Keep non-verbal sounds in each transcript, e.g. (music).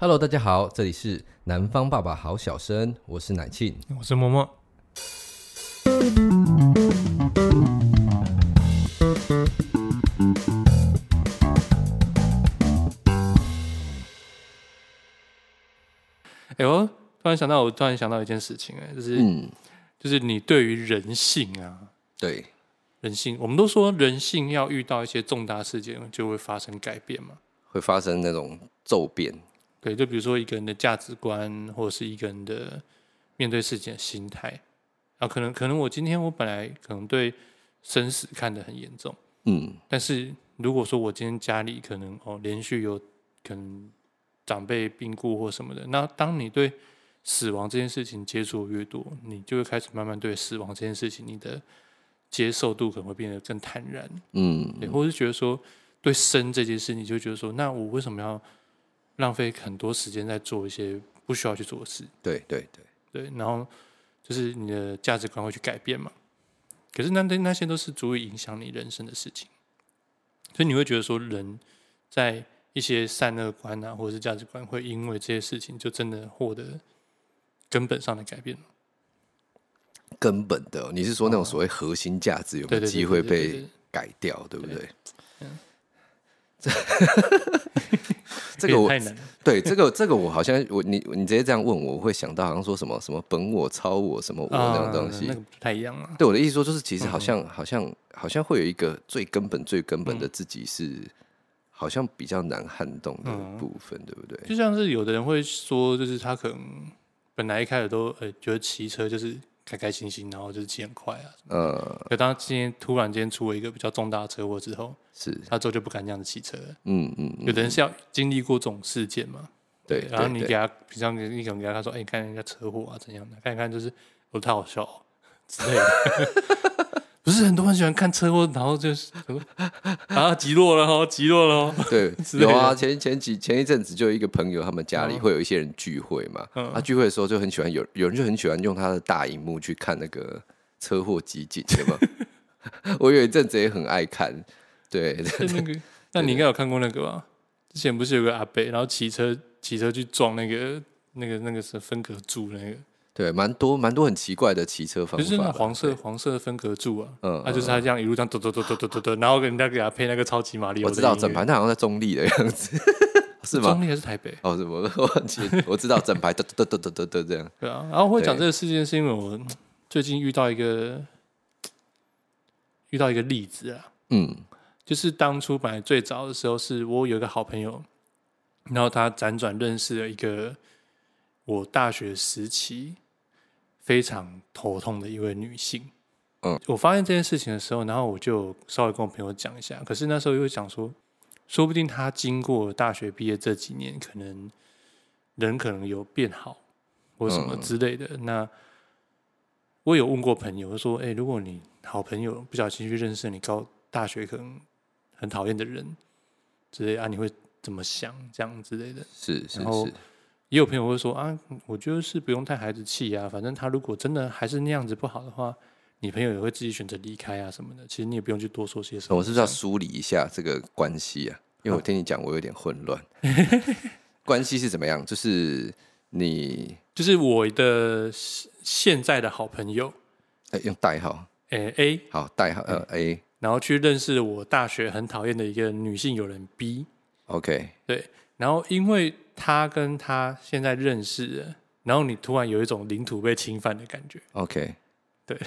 Hello，大家好，這裡是南方爸爸濠小聲，我是奶慶、欸，我是麼麼。哎呦，突然想到，我突然想到一件事情、欸，哎，就是，嗯、就是你對於人性啊，對人性，我們都說人性要遇到一些重大事件，就會發生改變嘛，會發生那種驟變。對，就比如說一個人的價值觀，或者是一個人的面對事情的心態啊，可能可能我今天我本來可能對生死看得很嚴重，嗯，但是如果說我今天家裡可能哦連續有可能長輩病故或什麼的，那當你對死亡這件事情接觸的越多，你就會開始慢慢對死亡這件事情你的接受度可能會變得更坦然，嗯，對，或是覺得說對生這件事，你就覺得說那我為什麼要？浪費很多時間在做一些不需要去做的事，對，對對對對。然後就是你的價值觀會去改變嘛？可是那那那些都是足以影響你人生的事情，所以你會覺得說，人在一些善惡觀啊，或者是價值觀，會因為這些事情就真的獲得根本上的改變嗎？根本的，你是說那種所謂核心價值有沒有機會被改掉，對不對？對。嗯。這 (laughs) 這個我太難了，對這個這個我好像我你你直接這樣問我，我會想到好像說什麼什麼本我、超我什麼我那種東西、啊，那個不太一樣、啊、對我的意思說，就是其實好像、嗯、好像好像會有一個最根本、最根本的自己是，是、嗯、好像比較難撼動的部分，嗯、對不對？就像是有的人會說，就是他可能本來一開始都呃覺得騎車就是。開開心心，然後就是騎很快啊。呃，可當今天突然間出了一個比較重大的車禍之後，是，他之後就不敢這樣子騎車了，嗯。嗯嗯，有的人是要經歷過這種事件嘛？對。對，然後你給他，比方說，可能給他說，哎，看人家車禍啊怎樣的？看一看，就是我太好笑了，哦。哈哈 (laughs) (laughs) 不是很多人喜歡看車禍，然後就是啊，急落了哦，急落了，哦。對， (laughs) 有啊，前前幾前一陣子就一個朋友，他們家裡會有一些人聚會嘛，他、嗯啊、聚會的時候就很喜歡有有人就很喜歡用他的大螢幕去看那個車禍集錦，對嗎？ (laughs) 我有一陣子也很愛看，對， (laughs) 對，那個，那你應該有看過那個吧？之前不是有個阿伯，然後騎車騎車去撞那個那個、那個、那個是分隔柱那個。對，蠻多蠻多很奇怪的騎車方法，就是那黃色黃色的分隔柱啊，嗯，那就是他這樣一路這樣嘟嘟嘟嘟嘟嘟嘟，然後給人家給他配那個超級馬力，我知道整排他好像在中立的樣子，是嗎？中立還是台北？哦，是我忘記，我知道整排嘟嘟嘟嘟嘟嘟這樣，對啊，然後會講這個事件是因為我最近遇到一個遇到一個例子啊，嗯，就是當初本來最早的時候是我有一個好朋友，然後他輾轉認識了一個我大學時期。非常頭痛的一位女性，我發現這件事情的時候，然後我就稍微跟我朋友講一下，可是那時候又講說說不定她經過大學畢業這幾年，可能人可能有變好，或什麼之類的。那我有問過朋友，我說，欸，如果你好朋友不小心去認識你高大學可能很討厭的人，之類啊，你會怎麼想？這樣之類的，是是也有朋友會說啊，我覺得是不用太孩子氣啊，反正他如果真的還是那樣子不好的話，你朋友也會自己選擇離開啊什麼的。其實你也不用去多說些什麼、嗯。我是不是要梳理一下這個關係啊？啊，因為我聽你講，我有點混亂。 (laughs) 關係是怎麼樣？就是你，就是我的現在的好朋友，欸、用代號、欸、，A，好代號、欸呃、A，然後去認識我大學很討厭的一個女性友人 B，OK，Okay. 對，然後因為。他跟他現在認識的，然後你突然有一種領土被侵犯的感覺。OK，對，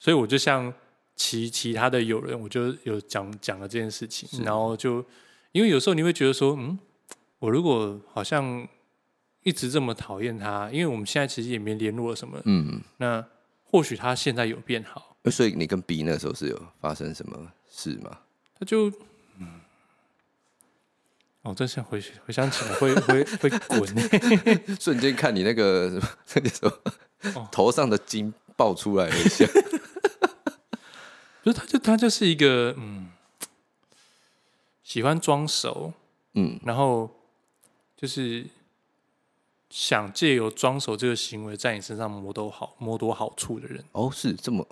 所以我就像其其他的友人，我就有講講了這件事情，是然後就因為有時候你會覺得說，嗯，我如果好像一直這麼討厭他，因為我們現在其實也沒聯絡什麼，嗯，嗯，那或許他現在有變好。呃，所以你跟 B 那個時候是有發生什麼事嗎？他就嗯。我真想回去，回想起來會 (laughs) 會，會會會滾！瞬間看你那個什麼，那個什麼？頭上的筋爆出來一下，就他，就他就是一個嗯，喜歡裝熟，嗯，然後就是想借由裝熟這個行為，在你身上摸多好、摸多好處的人。哦，是這麼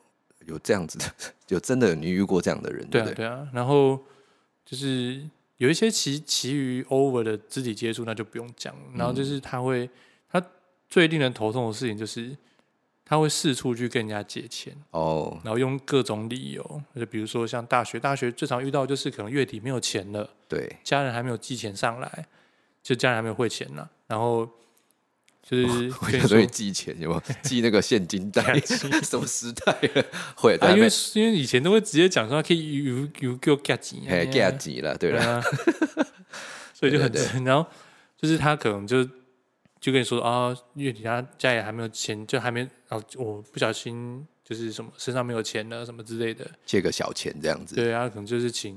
有這樣子的，有真的你遇過這樣的人，對，啊對，啊對，對對？對啊，然後就是。有一些其其餘 over 的肢體接觸那就不用講，然後就是他會，嗯、他最令人頭痛的事情就是，他會四處去跟人家借錢哦，然後用各種理由，就比如說像大學，大學最常遇到就是可能月底沒有錢了，對，家人還沒有寄錢上來，就家人還沒有匯錢呢、啊，然後。就是會說，哦、說寄錢有嗎？寄那個現金袋？ (laughs) 什麼時代了？會、 (laughs) (laughs) 啊、因為因為以前都會直接講說可以有有夠夾幾，哎，夾幾了，對吧？所以就很， (laughs) 對對對然後就是他可能就就跟你說啊、哦，因為家家裡還沒有錢，就還沒哦，我不小心就是什麼身上沒有錢了，什麼之類的，借個小錢這樣子。對啊，他可能就是請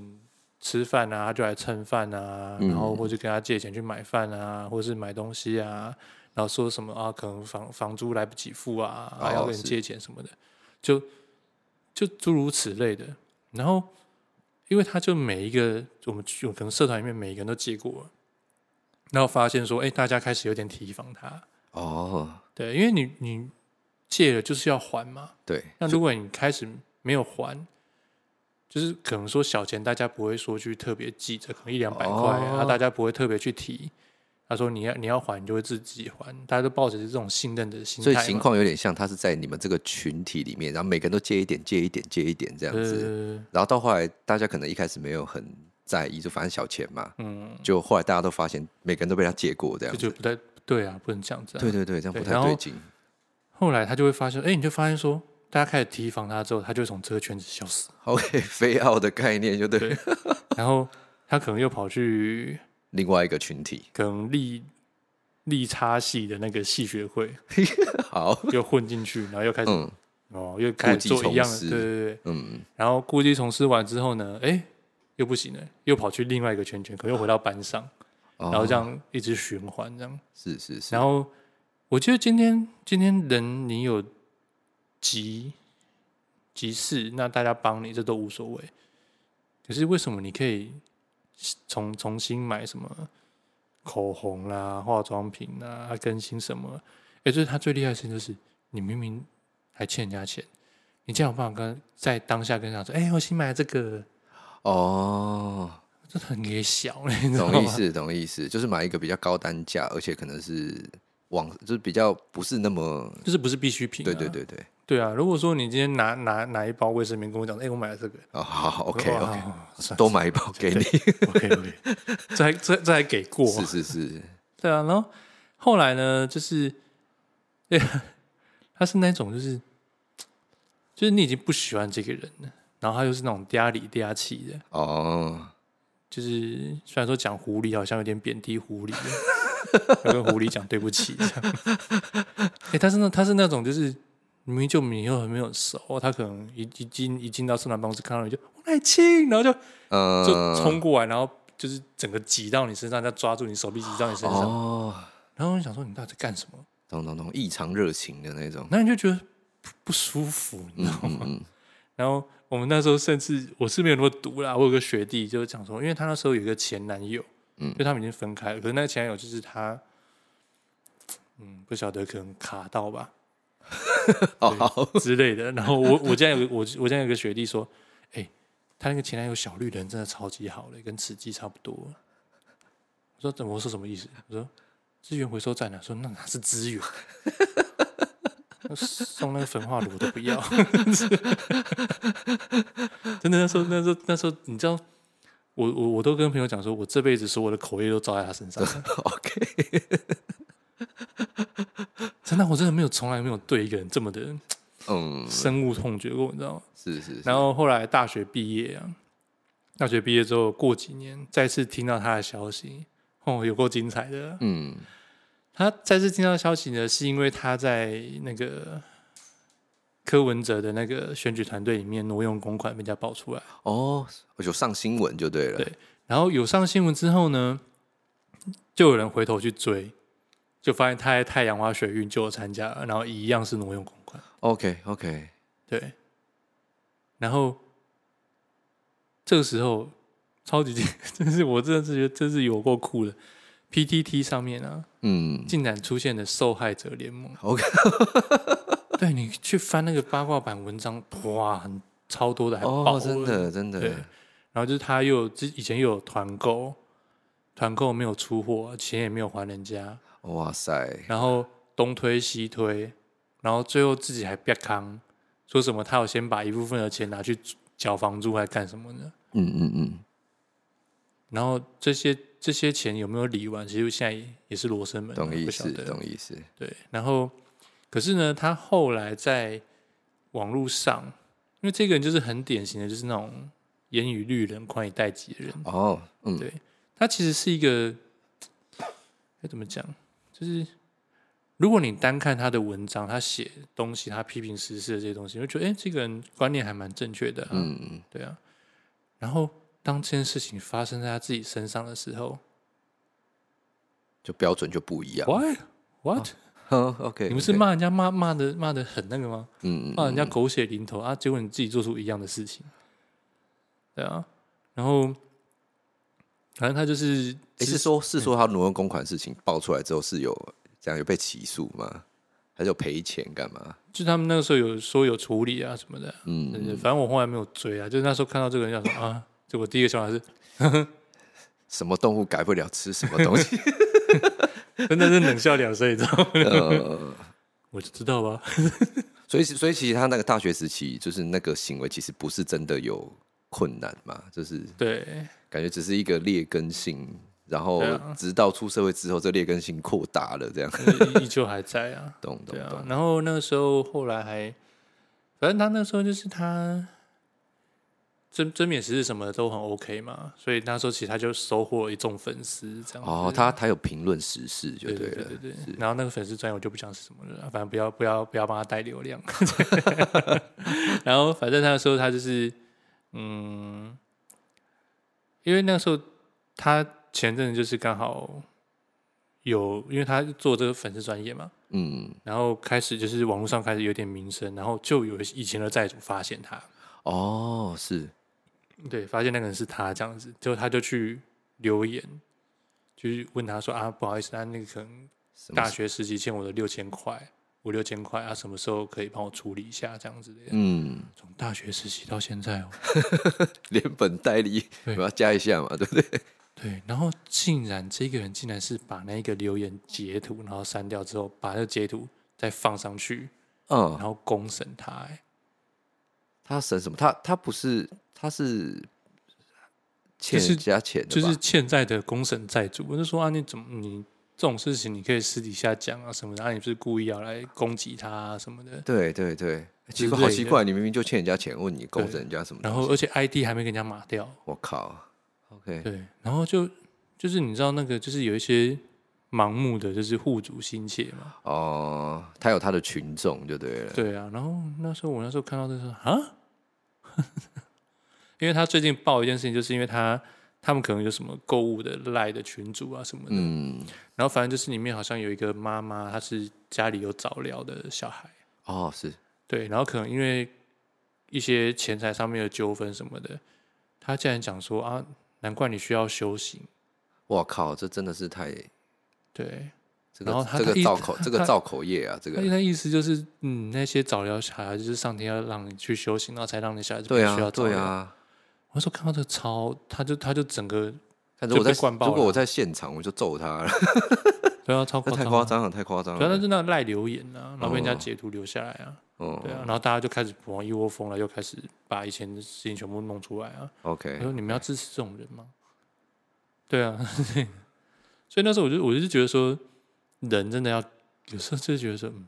吃飯啊，就來蹭飯啊，然後或者跟他借錢去買飯啊，嗯、或者是買東西啊。然後說什麼啊，可能房房租來不及付啊，還、啊、要跟人借錢什麼的，哦、就就諸如此類的。然後因為他就每一個我們就我可能社團裡面每一個人都借過，然後發現說，哎，大家開始有點提防他。哦，對，因為你你借了就是要還嘛。對。那如果你開始沒有還，就，就是可能說小錢大家不會說去特別記着，可能一兩百塊、啊，那、哦、大家不會特別去提。他說你，：“你要你要還，你就會自己還。大家都抱着這種信任的心，所以情況有點像他是在你們這個群體裡面，然後每個人都借一點，借一點，借一點這樣子。對對對對，然後到後來，大家可能一開始沒有很在意，就反正小錢嘛。嗯，就後來大家都發現，每個人都被他借過，這樣子就，就不太對啊，不能這樣子。對對對，這樣不太對勁。後來他就會發現，哎、欸，你就發現說，大家開始提防他之後，他就從這個圈子消失。OK，Fade out 的概念就對，對。然後他可能又跑去。”另外一個群體，可能利利，利差係的那個系學會。 (laughs) 好又混進去，然後又開始、嗯、哦，又開始做一樣的事對對對，嗯。然後故技重施完之後呢，哎、欸，又不行了，又跑去另外一個圈圈，可能又回到班上，哦、然後這樣一直循環這樣，是是是。然後我覺得今天今天人，你有急急事，那大家幫你，這都無所謂。可是為什麼你可以？重重新買什麼口紅啦、化妝品啊，更新什麼？也、欸、就是他最厲害，的事情，就是你明明還欠人家錢，你這樣有辦法跟在當下跟人家說：“哎、欸，我新買了這個哦，這很也小。你”懂意思，懂意思，就是買一個比較高單價，而且可能是網，就是比較不是那麼，就是不是必需品、啊。對對對對。對啊，如果說你今天拿拿拿一包衛生棉跟我講，哎、欸，我買了這個，哦，好，OK，OK，多買一包給你，OK，OK，、okay, okay. (laughs) 這還這這還給過，是是是， (laughs) 對啊，然後後來呢，就是，他、欸、是那種就是，就是你已經不喜歡這個人了，然後他又是那種嗲裡嗲氣的，哦，oh. 就是雖然說講狐狸好像有點貶低狐狸，要 (laughs) 跟狐狸講對不起這，這、欸、哎，他是那他是那種就是。明明就沒有還沒有熟，他可能一一進一進到收納辦公室，看到你就我來親，然後就、uh、就衝過來，然後就是整個擠到你身上，再抓住你手臂擠到你身上，oh、然後我想說你到底在幹什麼？咚咚咚，異常熱情的那種，那你就覺得不，不舒服，你知道嗎？嗯嗯嗯、然後我們那時候甚至我是沒有那麼毒啦，我有個學弟就是講說，因為他那時候有一個前男友，嗯，因為他們已經分開了，可是那個前男友就是他，嗯，不曉得可能卡到吧。哦，之類的。然後我 (laughs) 我現在有我我現在有個學弟說，哎、欸，他那個前男友小綠人真的超級好嘞，跟慈濟差不多。我說，怎麼說？什麼意思？我說，資源回收站呢？說那哪是資源？ (laughs) 送那個焚化爐我都不要。 (laughs) 真的那時候那時候那時候，你知道，我我我都跟朋友講說，我這輩子所有的口業都照在他身上 (laughs) (laughs) OK。真的，我真的沒有，從來沒有對一個人這麼的，嗯，深惡痛絕過，嗯、你知道嗎？是是，是。然後後來大學畢業啊，大學畢業之後過幾年，再次聽到他的消息，哦，有夠精彩的，啊，嗯。他再次聽到消息呢，是因為他在那個柯文哲的那個選舉團隊裡面挪用公款，被人家爆出來哦，有上新聞就對了。對。然後有上新聞之後呢，就有人回頭去追。就發現他在《太陽花學運》就有參加了，然後一樣是挪用公款。OK，OK，Okay, okay. 對。然後這個時候，超級驚，真是我真的是覺得真是有夠酷的。PTT 上面啊，嗯，竟然出現了受害者聯盟。OK， (laughs) 對，你去翻那個八卦版文章，哇，很超多的，還爆真的、哦、真的。真的對，然後就是他又之以前又有團購，團購沒有出貨，錢也沒有還人家。哇塞！然後東推西推，然後最後自己還憋糠，說什麼他要先把一部分的錢拿去交房租，還幹什麼呢？嗯嗯嗯。嗯嗯然後這些這些錢有沒有理完？其實現在也是羅生門，懂意思？懂意思？對。然後，可是呢，他後來在網絡上，因為這個人就是很典型的，就是那種嚴以律人寬以待己的人。哦，嗯，對，他其實是一個，哎、怎麼講？就是，如果你單看他的文章，他寫東西，他批評時事的這些東西，你會覺得，哎、欸，這個人觀念還蠻正確的啊。嗯嗯，對啊。然後當這件事情發生在他自己身上的時候，就標準就不一樣。What? What? OK? Oh, okay, okay. 你不是罵人家罵罵的罵的很那個嗎？罵、嗯嗯嗯、人家狗血淋頭啊，結果你自己做出一樣的事情。對啊，然後。反正他就是，是說，是說他挪用公款的事情爆出來之後，是有、嗯、這樣有被起訴嗎？還是有賠錢幹嘛？就他們那個時候有說有處理啊什麼的、啊。嗯，反正我後來沒有追啊，就是那時候看到這個人，想說 (laughs) 啊，就我第一個想法是，呵呵什麼動物改不了吃什麼東西， (laughs) (laughs) (laughs) 真的是冷笑兩聲，你知道嗎？ (laughs) 我就知道吧。 (laughs) 所以，所以其實他那個大學時期，就是那個行為，其實不是真的有。困難嘛，就是對，感覺只是一個劣根性，對然後直到出社會之後，啊、這劣根性擴大了，這樣依舊還在啊。懂懂、 (laughs) 啊、然後那個時候，後來還，反正他那時候就是他針砭時事什麼的都很 OK 嘛，所以那時候其實他就收穫了一眾粉絲這樣。哦，他他有評論時事就對，就對對，對對對。是然後那個粉絲專頁我就不講是什麼了，反正不要不要不要幫他帶流量。 (laughs) (laughs) (laughs) 然後反正那個時候他就是。嗯，因為那個時候他前陣子就是剛好有，因為他做這個粉絲專業嘛，嗯，然後開始就是網絡上開始有點名聲，然後就有以前的債主發現他，哦，是，對，發現那個人是他這樣子，就他就去留言，就是問他說啊，不好意思，他、啊、那個可能大學時期欠我的六千塊。五六千塊啊，什麼時候可以幫我處理一下這樣子的？嗯，從大學實習到現在、喔， (laughs) 連本帶利，我要加一下嘛，對不對？對，然後竟然這個人竟然是把那個留言截圖，然後刪掉之後，把那個截圖再放上去，嗯，然後公審他、欸，他審什麼？他他不是他是欠人家錢，就是欠債的公審債主。我就說啊，你怎麼你？這種事情你可以私底下講啊，什麼的？那、啊、你不是故意要來攻擊他啊，什麼的？對對對，其實好奇怪，對對對，你明明就欠人家錢，問你勾結人家什麼？然後，而且 ID 還沒給人家碼掉。我靠！OK，對，然後就就是你知道那個，就是有一些盲目的，就是護主心切嘛。哦，他有他的群眾，就對了。對啊，然後那時候我那時候看到就是啊， (laughs) 因為他最近爆一件事情，就是因為他。他們可能有什麼購物的賴的群組啊，什麼的，然後反正就是裡面好像有一個媽媽，她是家裡有早療的小孩哦，是對，然後可能因為一些錢財上面的糾紛什麼的，她竟然講說啊，難怪你需要修行。我靠！這真的是太對，然後他這個造口這個造口業啊，這個那意思就是，嗯，那些早療小孩就是上天要讓你去修行，然後才讓你下去對需要啊我說看到這個超，他就他就整個就灌，如果我在現場，我就揍他了。 (laughs) 對啊，超誇張，太誇張了，太誇張了。主要、啊、是那賴留言啊，然後被人家截圖留下來啊，哦、對啊，然後大家就開始一窩蜂了，又開始把以前的事情全部弄出來啊。OK，我說你們要支持這種人嗎？Okay. 對啊， (laughs) 所以那時候我就我就覺得說，人真的要有時候就覺得說，嗯。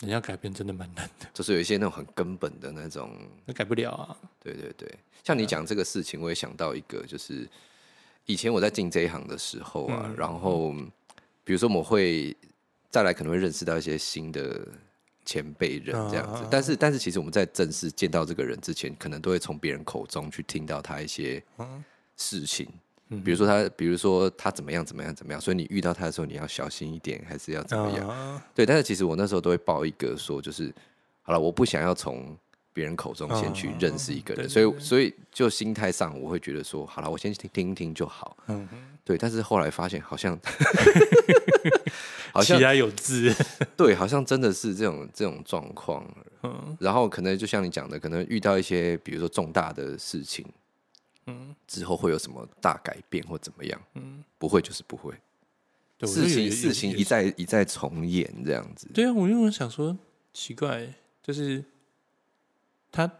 人家改變真的蠻難的，就是有一些那種很根本的那種，那改不了啊。對對對，像你講這個事情，我也想到一個，就是以前我在進這一行的時候啊，然後比如說我會再來，可能會認識到一些新的前輩人這樣子，但是但是其實我們在正式見到這個人之前，可能都會從別人口中去聽到他一些事情。比如說他，比如說他怎麼樣怎麼樣怎麼樣，所以你遇到他的時候，你要小心一點，還是要怎麼樣？Uh huh. 對，但是其實我那時候都會報一個說，就是好了，我不想要從別人口中先去認識一個人，uh huh. 所以所以就心態上，我會覺得說，好了，我先去聽聽一聽就好。Uh huh. 對。但是後來發現，好像 (laughs) (laughs) 好像有字， (laughs) 對，好像真的是這種這種狀況。Uh huh. 然後可能就像你講的，可能遇到一些比如說重大的事情。嗯，之後會有什麼大改變或怎麼樣？嗯，不會，就是不會。事情事情一再是一再重演這樣子。對啊，我因為我想說，奇怪，就是他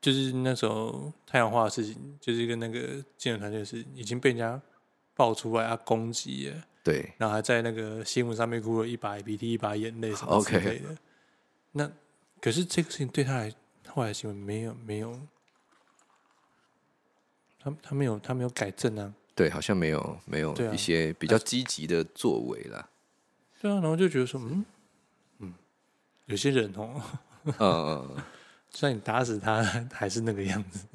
就是那時候太陽花的事情，就是跟那個建案團隊的事情已經被人家爆出來啊了，啊，攻擊，對，然後還在那個新聞上面哭了一把鼻涕一把眼淚什麼之類的。Okay. 那可是這個事情對他來後來新聞沒有沒有。沒有他他沒有他沒有改正啊，對，好像沒有沒有一些比較積極的作為啦，對啊，然後就覺得說，嗯是嗯，有些人哦，嗯嗯，雖然呵你打死他還是那個樣子，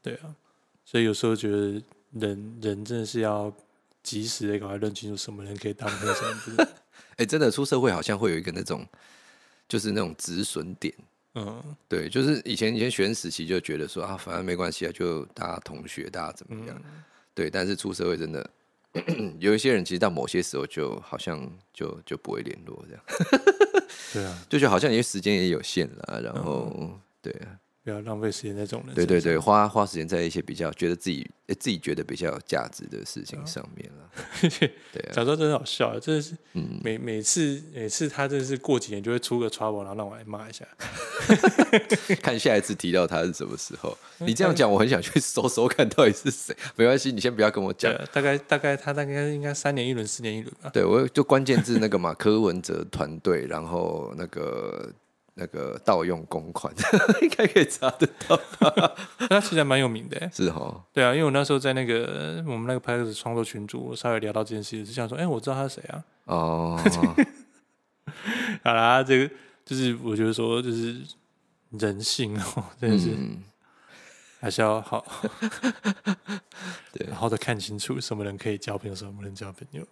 對啊，所以有時候覺得人人真的是要及時的趕快認清楚什麼人可以當朋友什麼，哎、就是 (laughs) 欸，真的出社會好像會有一個那種，就是那種止損點。嗯、對，就是以前以前學生時期就覺得說啊，反正沒關係啊，就大家同學，大家怎麼樣？嗯、對，但是出社會真的咳咳有一些人，其實到某些時候就好像就就不會聯絡這樣。 (laughs) 對啊，就覺得好像因為時間也有限了，然後、嗯、對。要浪費時間在這種的。對對對，花花時間在一些比較覺得自己、欸、自己覺得比較有價值的事情上面了。對，講說真的好笑，啊，真的是，嗯、每每次每次他真的是過幾年就會出個 trouble，然後讓我來罵一下。 (laughs) 看下一次提到他是什麼時候？嗯、你這樣講，我很想去搜搜看到底是誰。嗯、沒關係，你先不要跟我講，啊。大概大概他大概應該三年一輪，四年一輪吧。對，我就關鍵字那個嘛，柯 (laughs) 文哲團隊，然後那個。那個盜用公款， (laughs) 應該可以查得到。 (laughs) 他其實還蠻有名的是、哦，是哈。對啊，因為我那時候在那個我們那個拍子 e 創作群組，我稍微聊到這件事情，是想說，哎、欸，我知道他是誰啊。哦。 (laughs) 好啦，這個就是我覺得說，就是人性、喔，哦，真的是、嗯、還是要好，對，好的 (laughs) 對 看清楚，什麼人可以交朋友，什麼人交朋友。